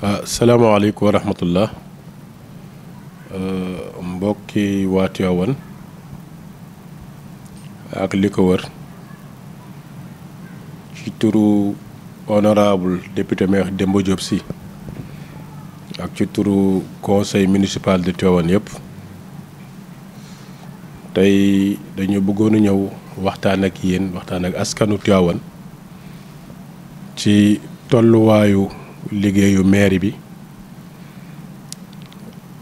waaw ah, salaamaaleykum wa rahmatullah ah, mbokki waa Tiwaawan ak li ko wër ci turu honorable député maire Demba Diop ak ci turu conseil municipal de Tiwaawan yëpp tey dañu bëggoon a ñëw waxtaan ak yéen waxtaan ak askanu Tiwaawan ci tolluwaayu. liggéeyu mairie bi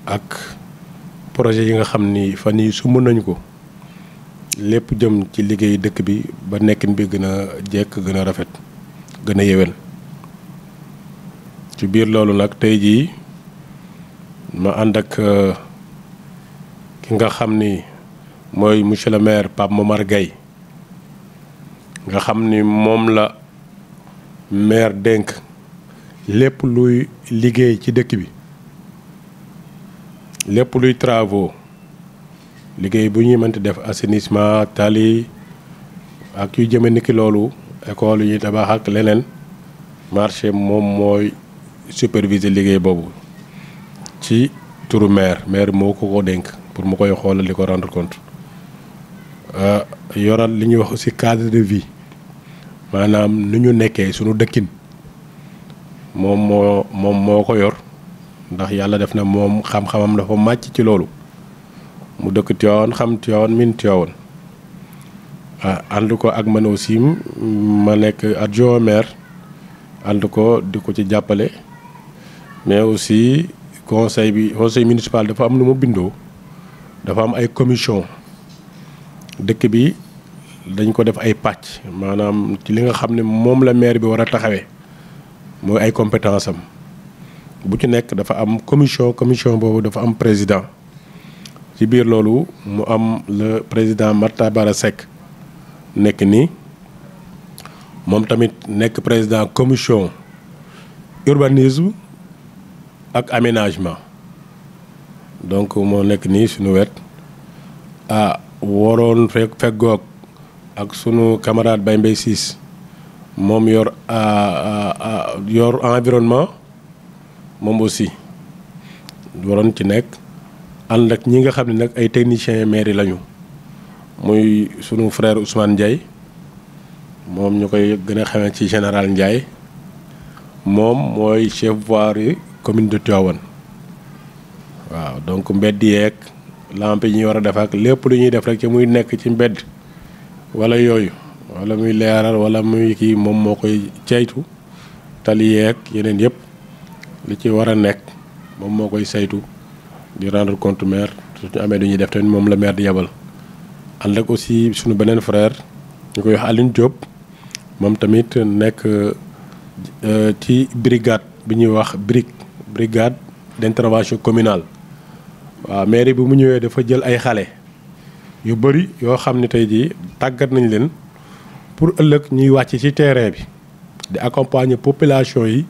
ak projet yi nga xam ni fan yii sumb nañu ko lépp jëm ci liggéey dëkk bi ba nekkin bi gën a jekk gën a rafet gën a yewel ci biir loolu nag tey jii ma ànd ak euh, ki nga xam ni mooy monsieur le maire Pape Momar Gaye nga xam ni moom la maire dénk lépp luy liggéey ci dëkk bi lépp luy travaux liggéey bu ñuy mënti def assainissement tali ak yu jëme ni ki loolu école yi tabax ak leneen marché moom mooy superviser liggéey boobu ci turu maire maire moo ko ko dénk pour mu koy xoolal di ko rendre compte euh, yoral li ñuy wax aussi cadre de vie maanaam nu ñu nekkee sunu dëkkin moom moo moom moo ko yor ndax yàlla def na moom xam-xamam dafa màcc ci loolu mu dëkk Tiwaawan xam Tiwaawan min Tiwaawan ah, ànd ko ak man aussi ma nekk adjoint maire ànd ko di ko ci jàppale mais aussi conseil bi conseil municipal dafa am nu mu bindoo dafa am ay commission dëkk bi dañ ko def ay pàcc maanaam ci li nga xam ne moom la maire bi war a taxawee mooy ay compétence am bu ci nekk dafa am commission commission boobu dafa am président ci biir loolu mu am le président Matta Bara Seck nekk ni moom tamit nekk président commission urbanisme ak aménagement donc moo nekk nii suñu wet ah waroon fekk feggoog ak sunu camarade Baye Mbaye Ciss moom yor euh, euh, yor environnement moom aussi waroon ci nekk ànd ak ñi nga xam ne nag ay techniciens mairie lañu muy sunu frère Ousmane Ndiaye moom ñu koy gën a xamee ci général Ndiaye moom mooy chef voirie commune de Tivaouane waaw donc mbedd yeeg lampe yi ñuy war a def ak lépp lu ñuy def rek ci muy nekk ci mbedd wala yooyu. wala muy leeral wala muy kii moom moo koy saytu tali yeeg yeneen yëpp li ci war a nekk moom moo koy saytu di rendre compte maire su ñu amee dañuy def tamit moom la maire di yebal ànd ak aussi suñu beneen frère ñu koy wax Aline Diop moom tamit nekk euh, ci brigade bi ñuy wax BRIC brigade d'intervention communal waa mairie bi mu ñëwee dafa jël ay xale yu bëri yoo xam ne tey jii tàggat nañ leen pour ëllëg ñuy wàcc ci terrain bi di accompagner population yi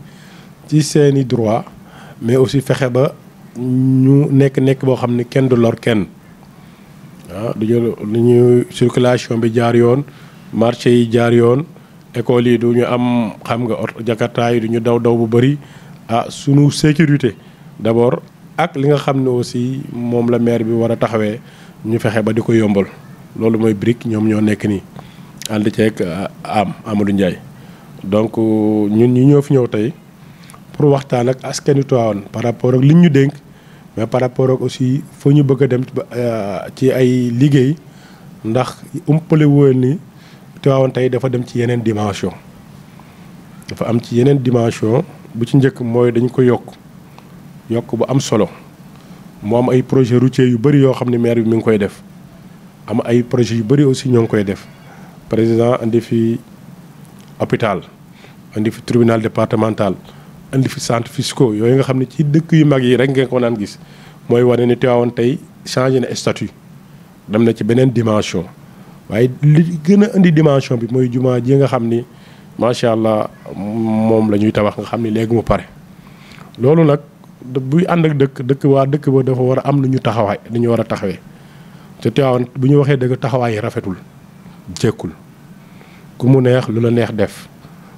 ci seeni droit mais aussi fexe ba ñu nekk nekk boo xam ne kenn du lor kenn ah du ñu lu ñu circulation bi jaar yoon marché yi jaar yoon école yi du ñu am xam nga oto jakarta yi du ñu daw daw bu bëri ah sunu sécurité d'abord ak li nga xam ne aussi moom la maire bi war a taxawee ñu fexe ba di ko yombal loolu mooy brique ñoom ñoo nekk nii. ànd ceeg uh, am Amadou Ndiaye donc uh, ñun ñu ñoo fi ñëw tey pour waxtaan ak askan wi Tivaouane par rapport ak liñ ñu dénk mais par rapport ak aussi foo ñu bëgg a dem uh, ci ay liggéey ndax umpale woon ni Tivaouane tey dafa dem ci yeneen dimension dafa am ci yeneen dimension bu ci njëkk mooy dañ ko yokk yokk bu am solo mu am ay projet routier yu bëri yoo xam ne maire bi mu ngi koy def am ay projet yu bëri aussi ñoo ngi koy def président indi fi hôpital indi fi tribunal départemental indi fi centre fiscaux yooyu nga xam ne ci dëkk yu mag yi rek ngeen ko naan gis mooy wane ni Tivaouane tey changé na statut dem na ci beneen dimension waaye li gën a indi dimension bi mooy jumaa ji nga xam ni macha allah moom la ñuy tabax nga xam ni léegi mu pare loolu nag buy ànd ak dëkk dëkk waa dëkk ba dafa war a am lu ñu taxawaay lu ñu war a taxawee te Tivaouane bu ñu waxee dëgg taxawaay yi rafetul jekkul ku mu neex lu la neex def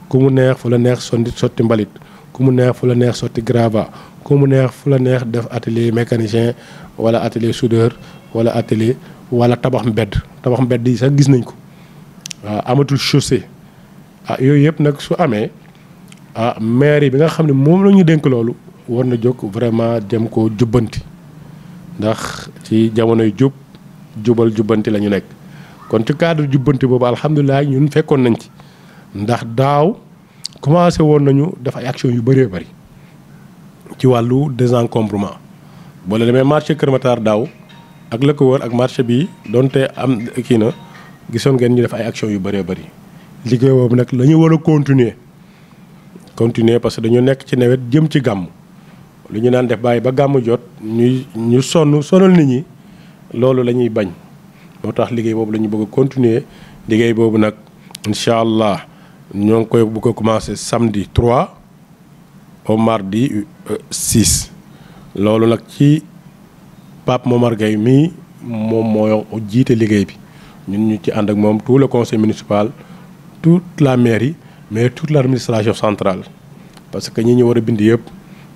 ku mu neex fu la neex sotti sotti mbalit ku mu neex fu la neex sotti grava ku mu neex fu la neex def atelier mécanicien wala atelier soudeur wala atelier wala tabax mbedd tabax mbedd yi sax gis nañ ko waaw ah, amatul chaussée ah yooyu yëpp nag su amee ah maire bi nga xam ne moom la ñu dénk loolu war na jóg vraiment dem ko jubbanti ndax ci jamonoy jub jubal jubbanti la ñu nekk kon ci cadre jubbante boobu alhamdulilah ñun fekkoon nañ ci ndax daaw commencé woon nañu def ay action yu bëree bëri ci wàllu désencombrement boo la demee marché Kër Matar daaw ak la ko wër ak marché bi donte am kii na gisoon ngeen ñu def ay action yu bëree bëri liggéey boobu nag la ñu war a continuer continuer parce que dañu nekk ci nawet jëm ci gàmm lu ñu naan def bàyyi ba gàmm jot ñuy ñu sonn sonal nit ñi loolu la ñuy bañ moo tax liggéey boobu la bëgg continuer liggéey boobu nag incha allah ñoo ngi koy bëgg a commencer samedi 3 au mardi 6. Euh, loolu nag ci Pape Momar Gueye mii moom moo jiite liggéey bi ñun ñu ci ànd ak moom tout le conseil municipal toute la mairie mais toute l'administration centrale parce que ñi ñu war a bind yëpp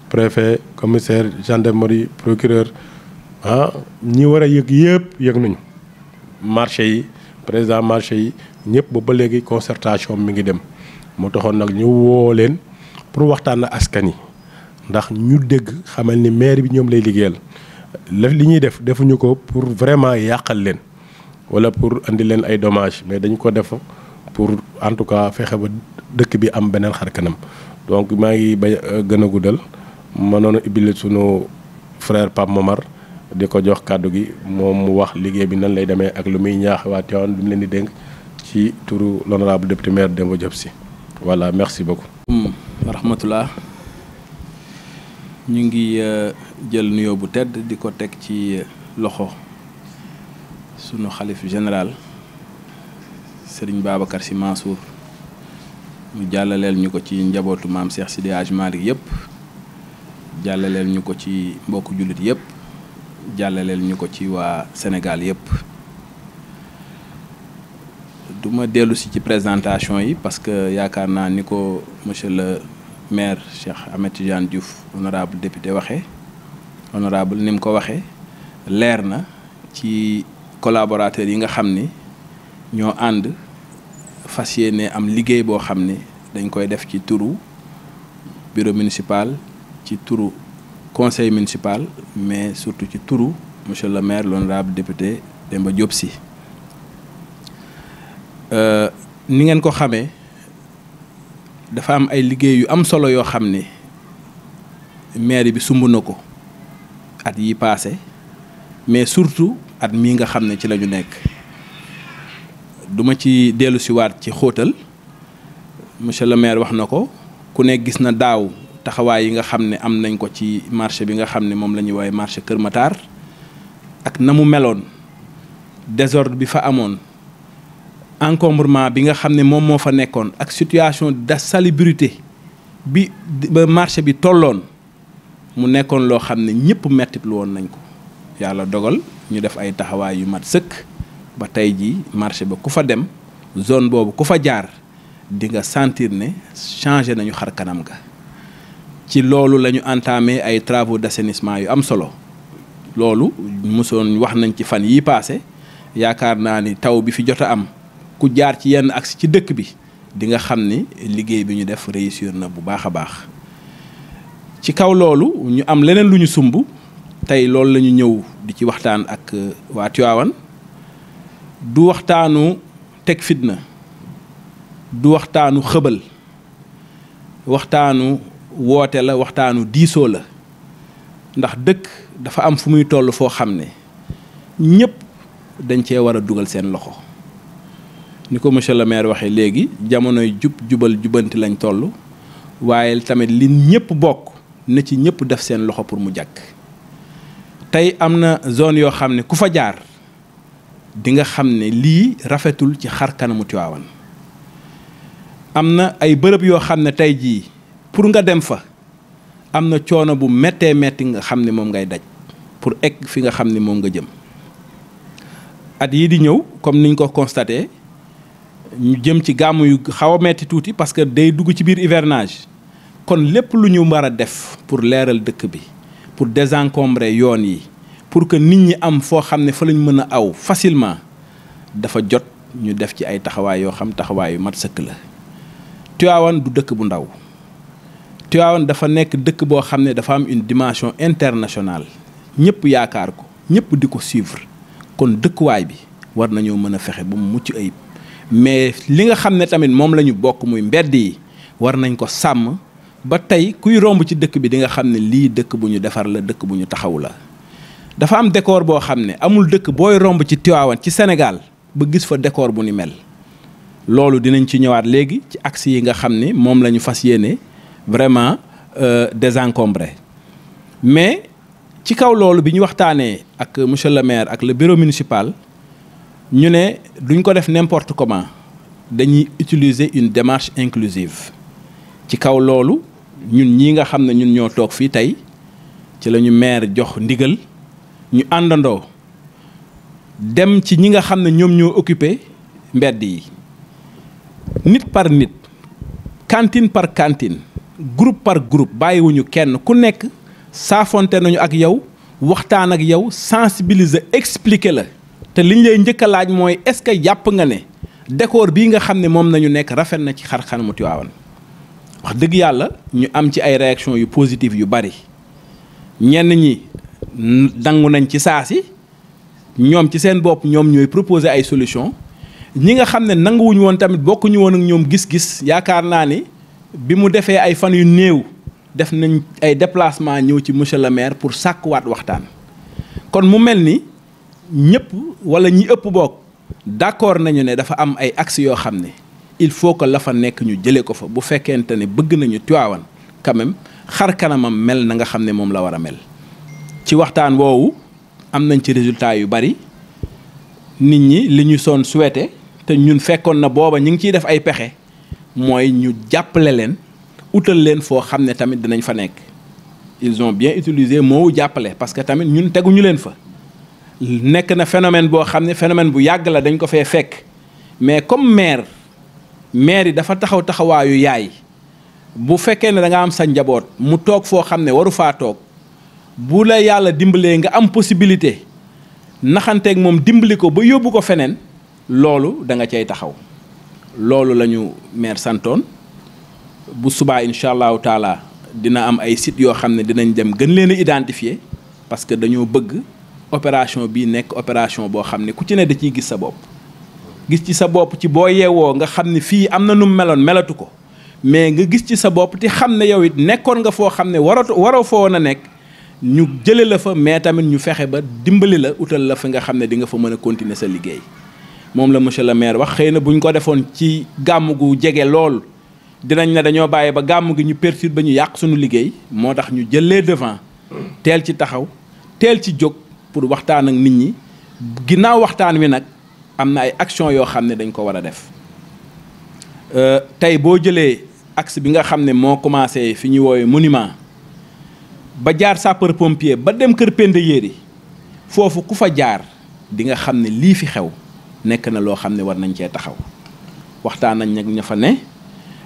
préfet commissaire gendarmerie procureur ah ñi war a yëg yëpp yëg nañu. marché yi président marché yi ñëpp ba ba léegi concertation mi ngi dem moo taxoon nag ñu woo leen pour waxtaan na askan yi ndax ñu dégg xamal ni maire bi ñoom lay liggéeyal la li ñuy def defuñu ko pour vraiment yàqal leen wala pour indi leen ay dommage mais dañ ko def pour en tout cas fexe ba dëkk bi am beneen xar kanam donc maa ngi bay gën a guddal mënoon a ibile sunu frère Pape Momar di ko jox kàddu gi moom mu wax liggéey bi nan lay demee ak lu muy ñaax waa Tivaouane lu mu leen di dénk ci turu l'honorable député maire Demba Diop Sy voilà merci beaucoup. rahmatullah ñu ngi euh, jël nuyoo bu tedd di ko teg ci loxo sunu xalif général Serigne Babacar Sy Mansour mu jàllaleel ñu ko ci njabootu maam Cheikh Sidi Hadj Malick yëpp jàllaleel ñu ko ci mbokku jullit yëpp. jàllaleel ñu ko ci waa Sénégal yépp duma ma dellu si ci présentation yi parce que yaakaar naa ni ko monsieur le maire Cheikh Ahmed Tidiane Diouf honorable député waxee honorable ni mu ko waxe leer na ci collaborateurs yi nga xam ni ñoo ànd fas yéene am liggéey boo xam ni dañ koy def ci turu bureau municipal ci turu conseil municipal mais surtout ci turu monsieur le maire l'honorable député Demba Diop Sy euh, ni ngeen ko xamee dafa am ay liggéey yu am solo yoo xam ne maire bi sumb na ko at yi passé mais surtout at mii nga xam ne ci la ñu nekk duma ci dellu siwaat ci xóotal monsieur le maire wax na ko ku nekk gis na daaw taxawaay yi nga xam ne am nañ ko ci marché bi nga xam ne moom la ñuy woowee marché Kër Matar ak na mu meloon désorde bi fa amoon encombrement bi nga xam ne moom moo fa nekkoon ak situation salibirité bi ba marché bi tolloon mu nekkoon loo xam ne ñëpp mettitlu woon nañ ko yàlla dogal ñu def ay taxawaay yu mat sëkk ba tey ji marché ba ku fa dem zone boobu ku fa jaar di nga sentir ne changé nañu xar kanam ga ci loolu lañu ñu entamé ay travaux d'assainissement yu am solo loolu mosoon wax nañ ci fan yi paase yaakaar naa ni taw bi fi jot a am ku jaar ci yenn axe ci dëkk bi dinga xam ni liggéey bi ñu def réussir na bu baax a baax ci kaw loolu ñu am leneen lu ñu sumb tey loolu lañu ñëw di ci waxtaan ak euh, waa Tiwaawan du waxtaanu teg fitna du waxtaanu xëbal waxtaanu woote la waxtaanu diisoo la ndax dëkk dafa am fu muy toll foo xam ne ñëpp dañ cee war a dugal seen loxo ni ko monsieur le maire waxee léegi jamonoy jub jubal jubanti lañ toll waaye tamit li ñëpp bokk na ci ñëpp def seen loxo pour mu jàkk tey am na zone yoo xam ne ku fa jaar di nga xam ne lii rafetul ci xar kanamu Tiwaawan am na ay bërëb yoo xam ne tey jii pour nga dem fa am na coono bu méttee métti nga xam ne moom ngay daj pour egg fi nga xam ni moom nga jëm at yii di ñëw comme niñ ko constaté ñu jëm ci gàmm yu xaw a metti tuuti parce que day dugg ci biir hivernage kon lépp lu ñu war a def pour leeral dëkk bi pour désencombrer yoon yi pour que nit ñi am foo xam ne fa lañ mën a aw facilement dafa jot ñu def ci ay taxawaay yoo xam taxawaay yu mat sëkk la Tivaouane du dëkk bu ndaw Tivaouane dafa nekk dëkk boo xam ne dafa am une dimension internationale ñëpp yaakaar ko ñëpp di ko suivre kon dëkkuwaay bi war nañoo mën a fexe bu mu mucc ayib mais li nga xam ne tamit moom la ñu bokk muy mbedd yi war nañ ko sàmm ba tey kuy romb ci dëkk bi di nga xam ne lii dëkk bu ñu defar la dëkk bu ñu taxaw la dafa am décor boo xam ne amul dëkk booy romb ci Tivaouane ci Sénégal ba gis fa décor bu ni mel loolu dinañ ci ñëwaat léegi ci axe yi nga xam ne moom la ñu fas yéene vraiment euh, désencombré mais ci kaw loolu bi ñu waxtaanee ak monsieur le maire ak le bureau municipal ñu ne duñ ko def n'importe comment dañuy utiliser une démarche inclusive ci kaw loolu ñun ñii nga xam ne ñun ñoo toog fii tey ci la ñu maire jox ndigal ñu àndandoo dem ci ñi nga xam ne ñoom ñoo occupé mbedd yi nit par nit cantine par cantine groupe par groupe bàyyiwuñu kenn ku nekk saafonte nañu ak yow waxtaan ak yow sensibiliser expliquer la te liñ lay njëkk a laaj mooy est-ce que jàpp nga ne décor bii nga xam ne moom nañu nekk rafet na ci xar Tiwaawan wax dëgg yàlla ñu am ci ay réaction yu positive yu bari ñenn ñi dangu nañ ci saa si ñoom ci seen bopp ñoom ñooy proposer ay solution ñi nga xam ne nanguwuñu woon tamit bokkuñu woon ak ñoom gis-gis yaakaar naa ni bi mu defee ay fan yu néew def nañ ay déplacement ñëw ci monsieur le maire pour sàkkuwaat waxtaan kon mu mel ni ñëpp wala ñi ëpp boog d'accord nañu ne dafa am ay axes yoo xam ne il faut que la fa nekk ñu jëlee ko fa bu fekkente ne bëgg nañu Tivaouane quand xar kanamam mel na nga xam ne moom la war a mel ci waxtaan woowu am nañ ci résultat yu bari nit ñi li ñu soon souhaité te ñun fekkoon na booba ñu ngi ciy def ay pexe mooy ñu jàppale leen utal leen foo xam ne tamit dinañ fa nekk ils ont bien utilisé moo jàppale parce que tamit ñun teguñu leen fa nekk na phénomène boo xam ne phénomène bu yàgg la dañ ko fee fekk mais comme maire maire yi dafa taxaw taxawaayu yaay bu fekkee ne da nga am sa njaboot mu toog foo xam ne waru faa toog bu la yàlla dimbalee nga am possibilité naxanteeg moom dimbali ko ba yóbbu ko feneen loolu da nga cay taxaw loolu la ñu maire santoon bu subaa incha allahu taala dina am ay sites yoo xam ne dinañ dem gën leen a identifier parce que dañoo bëgg opération bii nekk opération boo xam ne ku ci ne da ciy gis sa bopp. gis ci sa bopp ci boo yeewoo nga xam ne fii am na num meloon melatu ko mais nga gis ci sa bopp ti xam ne yow it nekkoon nga foo xam ne waratu waroo foo woon a nekk ñu jële la fa mais tamit ñu fexe ba dimbali la utal la fa nga xam ne di nga fa mën a continuer sa liggéey. moom la monsieur le maire wax xëy na buñ ko defoon ci gàmm gu jege lool dinañ ne dañoo bàyyi ba gàmm gi ñu perturbe ba ñu yàq suñu liggéey moo tax ñu jëlee devant teel ci taxaw teel ci jóg pour waxtaan ak nit ñi ginnaaw waxtaan wi nag am na ay action yoo xam ne dañ ko war a def euh, tey boo jëlee axe bi nga xam ne moo commencé fi ñuy woowee monument ba jaar sapeur pompier ba dem kër Penda Yéeri foofu ku fa jaar di nga xam ne lii fi xew nekk na loo xam ne war nañ cee taxaw waxtaan nañ nag ña fa ne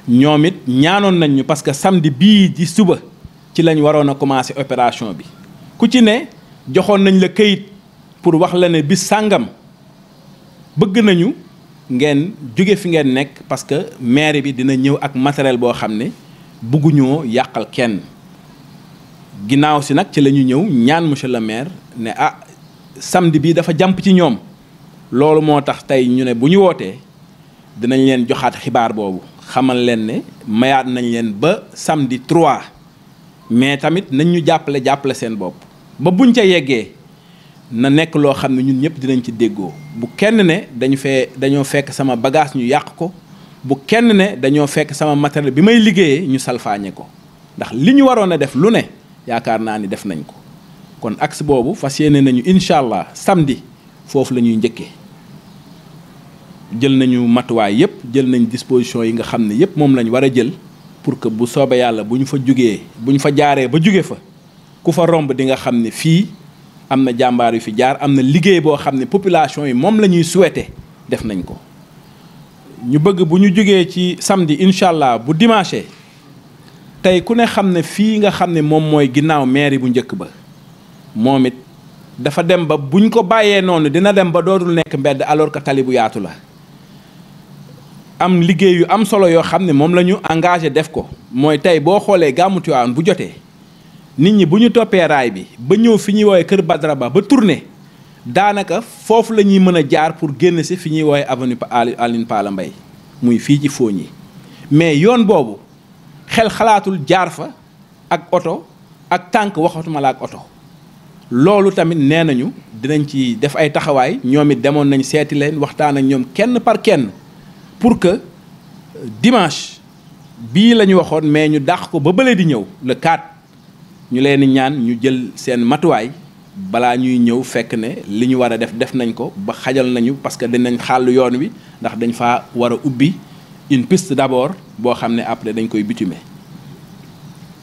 ñoom it ñaanoon nañ ñu parce que samedi bii di suba ci lañ waroon a commencer opération bi ku ci ne joxoon nañ la kayit pour wax la ne bis sàngam bëgg nañu ngeen jóge fi ngeen nekk parce que maire bi dina ñëw ak matériel boo xam ne bugguñoo yàqal kenn ginnaaw si nag ci la ñu ñëw ñaan monsieur le maire ne ah samdi bii dafa jàmp ci ñoom loolu moo tax tey ñu ne bu ñu wootee dinañ leen joxaat xibaar boobu xamal leen ne mayaat nañ leen ba samdi 3 mais tamit nañ ñu jàppale jàppale seen bopp ba buñ ca yeggee na nekk loo xam ne ñun ñëpp dinañ ci déggoo bu kenn ne dañu fee dañoo fekk sama bagage ñu yàq ko bu kenn ne dañoo fekk sama matériel bi may liggéeyee ñu salfaañe ko ndax li ñu waroon a def lu ne yaakaar naa ni def nañ ko kon axe boobu fas yéene nañu incha allah samedi foofu la ñuy njëkkee jël nañu matuwaay yëpp jël nañ disposition yi nga xam ne yëpp moom lañu war a jël pour que bu soobee yàlla bu ñu fa jógee bu ñu fa jaaree ba jugee fa ku fa romb di nga xam ne fii am na jàmbaar yu fi jaar am na liggéey boo xam ne population yi moom la ñuy souhaité def nañ ko. ñu bëgg bu ñu jugee ci samdi incha allah bu dimanche tey ku ne xam ne fii nga xam ne moom mooy ginnaaw mairie bu njëkk ba moom it dafa dem ba buñ ko bàyyee noonu dina dem ba dootul nekk mbedd alors que tali bu yaatu la am liggéey yu am solo yoo xam ne moom la ñu engagé def ko mooy tey boo xoolee gàmmu Tiwaawan bu jotee nit ñi bu ñu toppee raay bi ba ñëw fi ñuy woowee kër Badara Ba ba tourné daanaka foofu la ñuy mën a jaar pour génn si fi ñuy woowee avenue Aline Paala Mbaye muy fii ci Fogny mais yoon boobu xel xalaatul jaar fa ak oto ak tànk waxatuma la ak oto loolu tamit nee nañu dinañ ci def ay taxawaay ñoom it demoon nañ seeti leen waxtaan ak ñoom kenn par kenn pour que euh, dimanche bii la waxoon mais ñu dàq ko ba bële di ñëw le 4 ñu leen ñaan ñu jël seen matuwaay balaa ñuy ñëw fekk ne li ñu war a def def nañ ko ba xajal nañu parce que dinañ xàll yoon wi ndax dañ fa war a ubbi une piste d'abord boo xam ne après dañ koy bitumer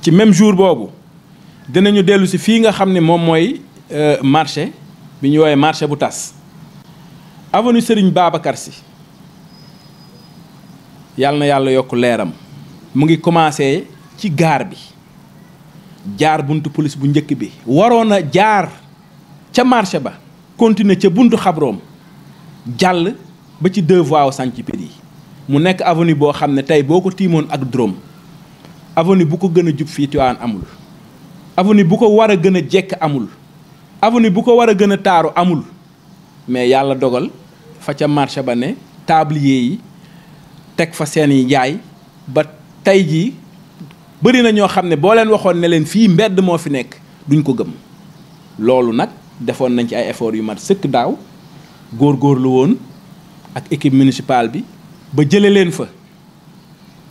ci même jour boobu. dinañu dellu si fii nga xam ne moom mooy euh, marché bi ñu woowee marché bu tas avonu Serigne Babacar Sy na yàlla yokk leeram mu ngi commencé ci gaar bi jaar buntu police bu njëkk bi waroon a jaar ca marché ba continuer ca buntu xabroom jàll ba ci deux voies Sancipédi yi mu nekk avonu boo xam ne tey boo ko tiimoon ak droom avenue bu ko gën a jub fii Tivaouane amul avenue bu ko war a gën a jekk amul avenue bu ko war a gën a taaru amul mais yàlla dogal fa ca marché ba ne tablier yi teg fa seen i ba tey jii bëri na ñoo xam ne boo leen waxoon ne leen fii mbedd moo fi nekk duñ ko gëm loolu nag defoon nañ ci ay efforts yu mat sëkk daaw góorgóorlu woon ak équipe municipale bi ba jële leen fa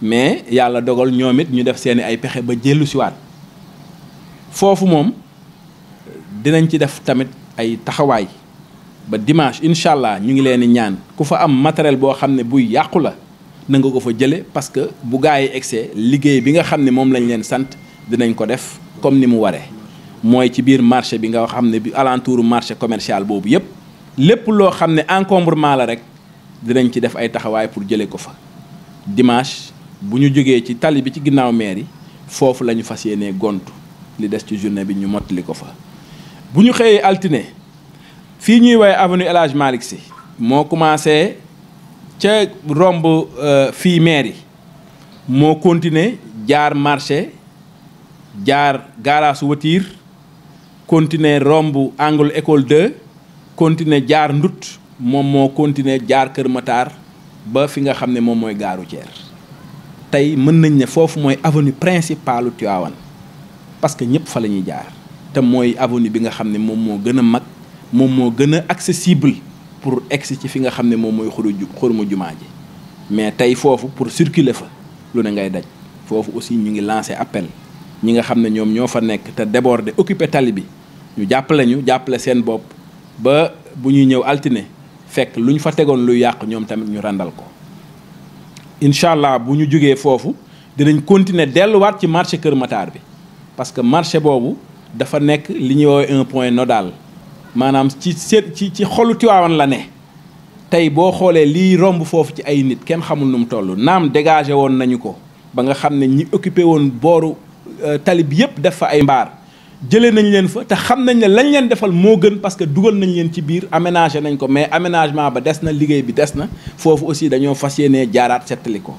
mais yàlla dogal ñoom it ñu def seeni ay pexe ba jëllu siwaat foofu moom dinañ ci def tamit ay taxawaay ba dimanche incha allah ñu ngi leen di ñaan ku fa am matériel boo xam ne buy yàqu la na nga ko fa jële parce que bu gaa yi egsee liggéey bi nga xam ne moom lañ leen sant dinañ ko def comme ni mu waree mooy ci biir marché bi nga xam ne bi alentour marché commerciale boobu yépp lépp loo xam ne encombrement la rek dinañ ci def ay taxawaay pour jële ko fa dimanche bu ñu jógee ci tali bi ci ginnaaw mairie foofu la ñu fas yéenee gontu li des ci journée bi ñu mottali ko fa bu ñu xëyee altine fii ñuy woowee avenue El Hadj Malick moo commencé ca romb euh, fii mairie moo continuer jaar marché jaar gaaraasu watiir continuer romb angle école 2 continuer jaar ndut moom moo continuer jaar Kër Matar ba fi nga xam ne moom mooy gaaru ceer tey mën nañ ne foofu mooy avenue principalu Tivaouane parce que ñëpp fa ñuy jaar te mooy avenue bi nga xam ne moom moo gën a mag moom moo gën a accessible pour egsi ci fi nga xam ne moom mooy xuru xuruma jumaa ji mais tey foofu pour circuler fa lu ne ngay daj foofu aussi ñu ngi lancé appel ñi nga xam ne ñoom ñoo fa nekk te débordé occupé tali bi ñu jàppale ñu jàppale seen bopp ba bu ñuy ñëw altine fekk lu ñu fa tegoon lu yàq ñoom tamit ñu ràndal ko incha allah bu ñu jógee foofu dinañ continuer delluwaat ci marché Kër bi parce que marché boobu dafa nekk li ñuy woowee un point nodal maanaam ci seet ci ci xolu Tiwaawan la ne tey boo xoolee liy romb foofu ci ay nit kenn xamul nu mu toll naam dégagé woon nañu ko ba nga xam ne ñi occupé woon booru euh, talib yépp def fa ay mbaar jëlee nañ leen fa te xam nañ ne lañ leen defal moo gën parce que dugal nañ leen ci biir aménagé nañ ko mais aménagement ba des na liggéey bi des na foofu aussi dañoo fas yéenee jaaraat settali ko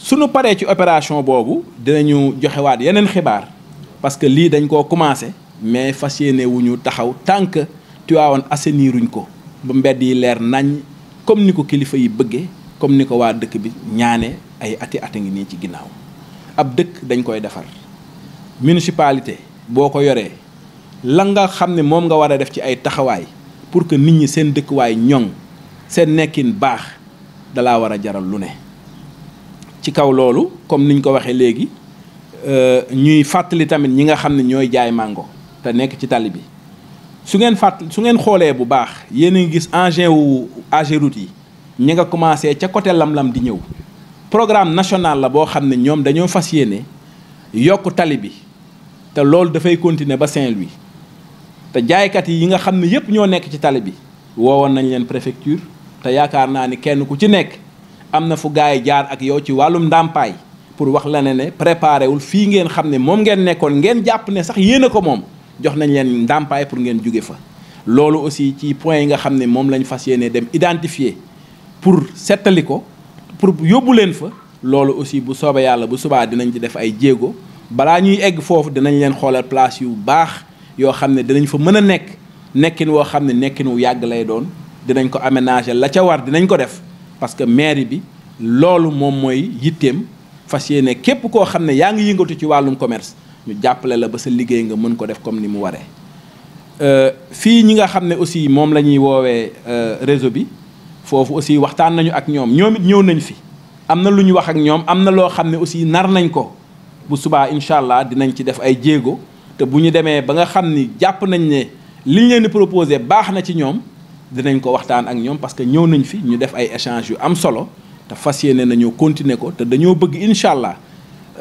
sunu paree ci opération boobu dinañu joxewaat yeneen xibaar parce que lii dañ koo commencé mais fas yéene ñu taxaw tant que Tivaouane asseniruñ ko ba mbedd yi leer nañ comme ni ko kilifa yi bëggee comme ni ko waa dëkk bi ñaane ay ati ati ngi nii ci ginnaaw ab dëkk dañ koy defar municipalité boo ko yoree la nga xam ne moom nga war a def ci ay taxawaay pour que nit ñi seen dëkkuwaay ñoŋ seen nekkin baax dalaa war a jaral lu ne ci kaw loolu comme niñ ko waxee léegi euh, ñuy fàttali tamit ñi nga xam ne ñooy jaay mango te nekk ci tali bi su ngeen fàtt su ngeen xoolee bu baax yéen a ngi gis engin wu AGEROUTE yi ñi nga commencé ca côté lam-lam di ñëw programme national la boo xam ne ñoom dañoo fas yéene yokk tali bi te loolu dafay continuer ba Saint-Louis te jaaykat yi yi nga xam ne yépp ñoo nekk ci tali bi woowoon nañ leen préfecture te yaakaar naa ni kenn ku ci nekk am na fu gars yi jaar ak yow ci wàllum ndàmpaay pour wax la ne ne préparé wul fii ngeen xam ne moom ngeen nekkoon ngeen jàpp ne sax yéen a ko moom jox nañ leen ndàmpaay pour ngeen jóge fa loolu aussi ci point yi nga xam ne moom lañu fas yéene dem identifier pour settali ko pour yóbbu leen fa loolu aussi bu soobee yàlla bu subaa dinañ ci def ay jéego balaa ñuy egg foofu dinañ leen xoolal place yu baax yoo xam ne dinañ fa mën a nekk nekkin woo xam ne nekkin yàgg lay doon dinañ ko aménager la ca dinañ ko def parce que mairie bi loolu moom mooy yitteem fas yéene képp koo xam ne yaa ngi yëngatu ci wàllum commerce ñu jàppale la ba sa liggéey nga mën ko def comme ni mu waree. Euh, fii ñi nga xam ne aussi moom la ñuy woowee euh, réseau bi foofu aussi waxtaan nañu ak ñoom ñoom it ñëw nañ fi am na lu ñu wax ak ñoom am na loo xam ne aussi nar nañ ko bu subaa incha allah dinañ ci def ay jéego te bu ñu demee ba nga xam ni jàpp nañ ne liñ leen di proposé baax na ci ñoom. dinañ ko waxtaan ak ñoom parce que ñëw nañ fi ñu def ay échange yu am solo te fas yéene nañoo continuer ko te dañoo bëgg incha allah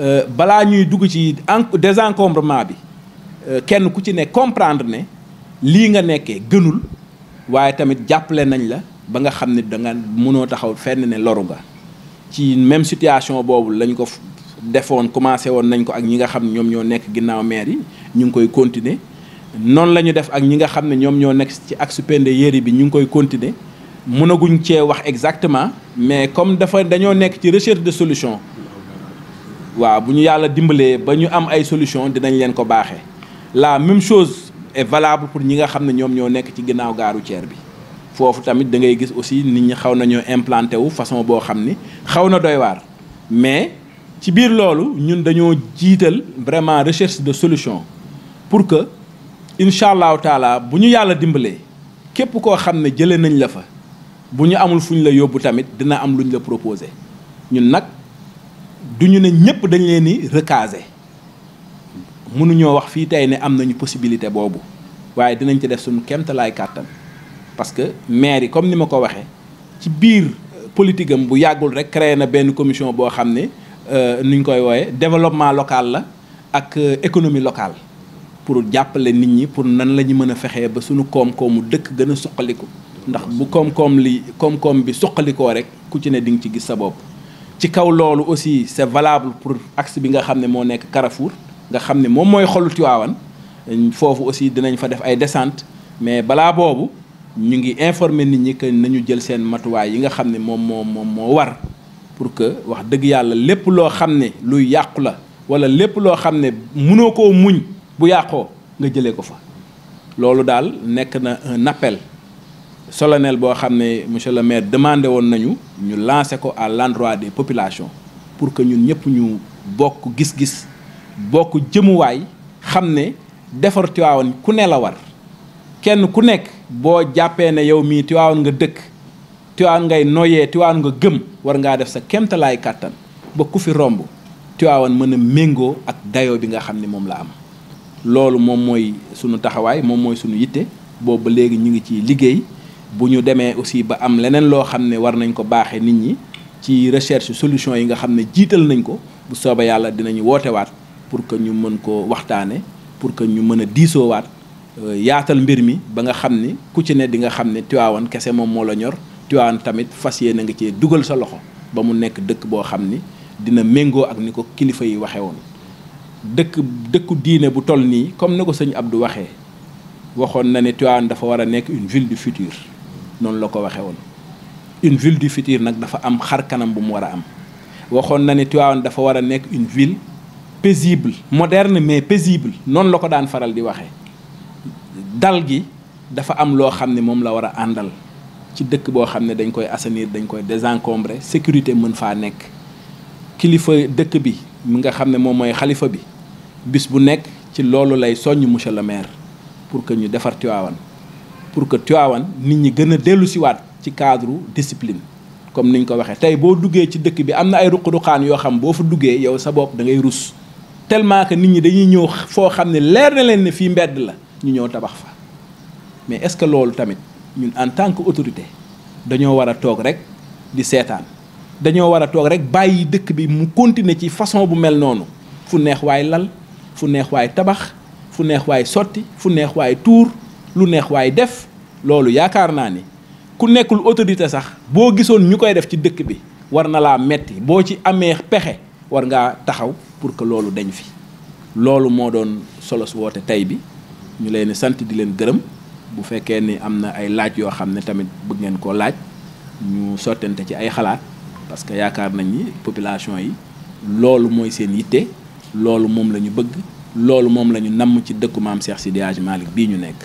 euh, balaa ñuy dugg ci en désencombrement bi euh, kenn ku ci ne comprendre ne lii nga nekkee gënul waaye tamit jàppale nañ la ba nga xam ne danga mënoo taxaw fenn ne loru nga ci même situation boobu lañ ko defoon commencé woon nañ ko ak ñi nga xam ñoom ñoo nekk ginnaaw maire yi ñu ngi koy continuer noonu la ñu def ak ñi nga xam ne ñoom ñoo nekk ci axe Penda bi ñu ngi koy continuer mënaguñ cee wax exactement mais comme dafa dañoo nekk ci recherche de solution waaw bu ñu yàlla dimbalee ba ñu am ay solution dinañ leen ko baaxee la même chose est pour ñi nga xam ne ñoom ñoo nekk ci ginnaaw gaaru ceer bi foofu tamit da ngay gis aussi nit ñi xaw nañoo implanté wu façon boo xam ni xaw na doy waar mais ci biir loolu ñun dañoo jiital vraiment recherche de solution incha allahu taala bu ñu yàlla dimbalee képp koo xam ne jëlee nañ la fa bu ñu amul fu la yóbbu tamit dina am lu ñu la proposé ñun nag duñu ñu ne ñëpp dañ leen di recaser mënuñoo wax fii tey ne am nañu possibilité boobu waaye dinañ ci def suñu kéemtalaay kàttan parce que maire yi comme ni ma ko waxee ci biir euh, politique bu yàggul rek créé na benn commission boo xam ne euh, nuñ koy wooye développement local la ak euh, économie locale pour jàppale nit ñi pour nan la ñu mën a fexee ba suñu koom mu dëkk gën a suqaliku ndax bu koom-koom li koom-koom bi suqalikoo rek ku ci ne di nga ci gis sa bopp ci kaw loolu aussi c'est valable pour axe bi nga xam ne moo nekk Carrefour nga xam ne moom mooy xolu Tiwaawan foofu aussi dinañ fa def ay descente mais balaa boobu ñu ngi informer nit ñi que nañu jël seen matuwaay yi nga xam ne moom moo moom moo war pour que wax dëgg yàlla lépp loo xam ne luy yàqu la wala lépp loo xam ne mënoo koo muñ bu yàqoo nga jëlee ko fa loolu daal nekk na un appel solennel boo xam ne monsieur le maire demandé woon nañu ñu lancé ko à l'endroit des populations pour que ñun ñëpp ñu bokk gis-gis bokk jëmuwaay xam ne defar Tiwaawan ku ne la war kenn ku nekk boo jàppee ne yow mii Tiwaawan nga dëkk Tiwaawan ngay noyee Tiwaawan nga gëm war ngaa def sa kéemtalaay kàttan ba ku fi romb Tiwaawan mën a méngoo ak dayoo bi nga xam ne moom la am loolu moom mooy sunu taxawaay moom mooy sunu yitte boobu ba léegi ñu ngi ci liggéey bu ñu demee aussi ba am leneen loo xam ne war nañ ko baaxee nit ñi ci recherche solution yi nga xam ne jiital nañ ko bu sooba yàlla dinañu wootewaat pour que ñu mën ko waxtaane pour que ñu mën a diisoowaat euh, yaatal mbir mi ba nga xam ni ku ci ne di nga xam ne Tiwaawan kese moom moo la ñor Tiwaawan tamit fas yéene nga cee dugal sa loxo ba mu nekk dëkk boo xam ni dina méngoo ak ni ko kilifa yi waxee woon dëkk dëkku diine bu toll nii comme na ko sëñ ab du waxee waxoon na ne Tivaouane dafa war a nekk une ville du futur noonu la ko waxee woon une ville du futur nag dafa am xar kanam bu mu war a am waxoon na ne Tivaouane dafa war a nekk une ville paisible moderne mais paisible noonu la ko daan faral di waxee dal gi dafa am loo xam ne moom la war a àndal ci dëkk boo xam ne dañ koy assenir dañ koy désencombrer sécurité mën faa nekk kilifa dëkk bi mi nga xam ne moom mooy xalifa bi bis bu nekk ci loolu lay soññ monsieur le maire pour que ñu defar Tivaouane pour que Tivaouane nit ñi gën a dellu siwaat ci cadre discipline comme niñ ko waxee tey boo duggee ci dëkk bi am na ay ruq-ruqaan yoo xam boo fa duggee yow sa bopp dangay ngay rus tellement que nit ñi dañuy ñëw foo xam ne leer na leen ne fii mbedd la ñu ñëw tabax fa mais est-ce que loolu tamit ñun en tant que autorité dañoo war a toog rek di seetaan dañoo war a toog rek bàyyi dëkk bi mu continuer ci façon bu mel noonu fu neex waay lal fu neex waay tabax fu neex waay sotti fu neex waay tuur lu neex waay def loolu yaakaar naa ni ku nekkul autorité sax boo gisoon ñu koy def ci dëkk bi war na laa metti boo ci amee pexe war ngaa taxaw pour que loolu dañ fi loolu moo doon solos woote tey bi ñu leen sant di leen gërëm bu fekkee ni am na ay laaj yoo xam ne tamit bëgg ngeen koo laaj ñu sottante ci ay xalaat parce que yaakaar nañ ni population yi loolu mooy seen yitte loolu moom la ñu bëgg loolu moom la ñu namm ci dëkku maam Cheikh Sidi Hadj Malick bii ñu nekk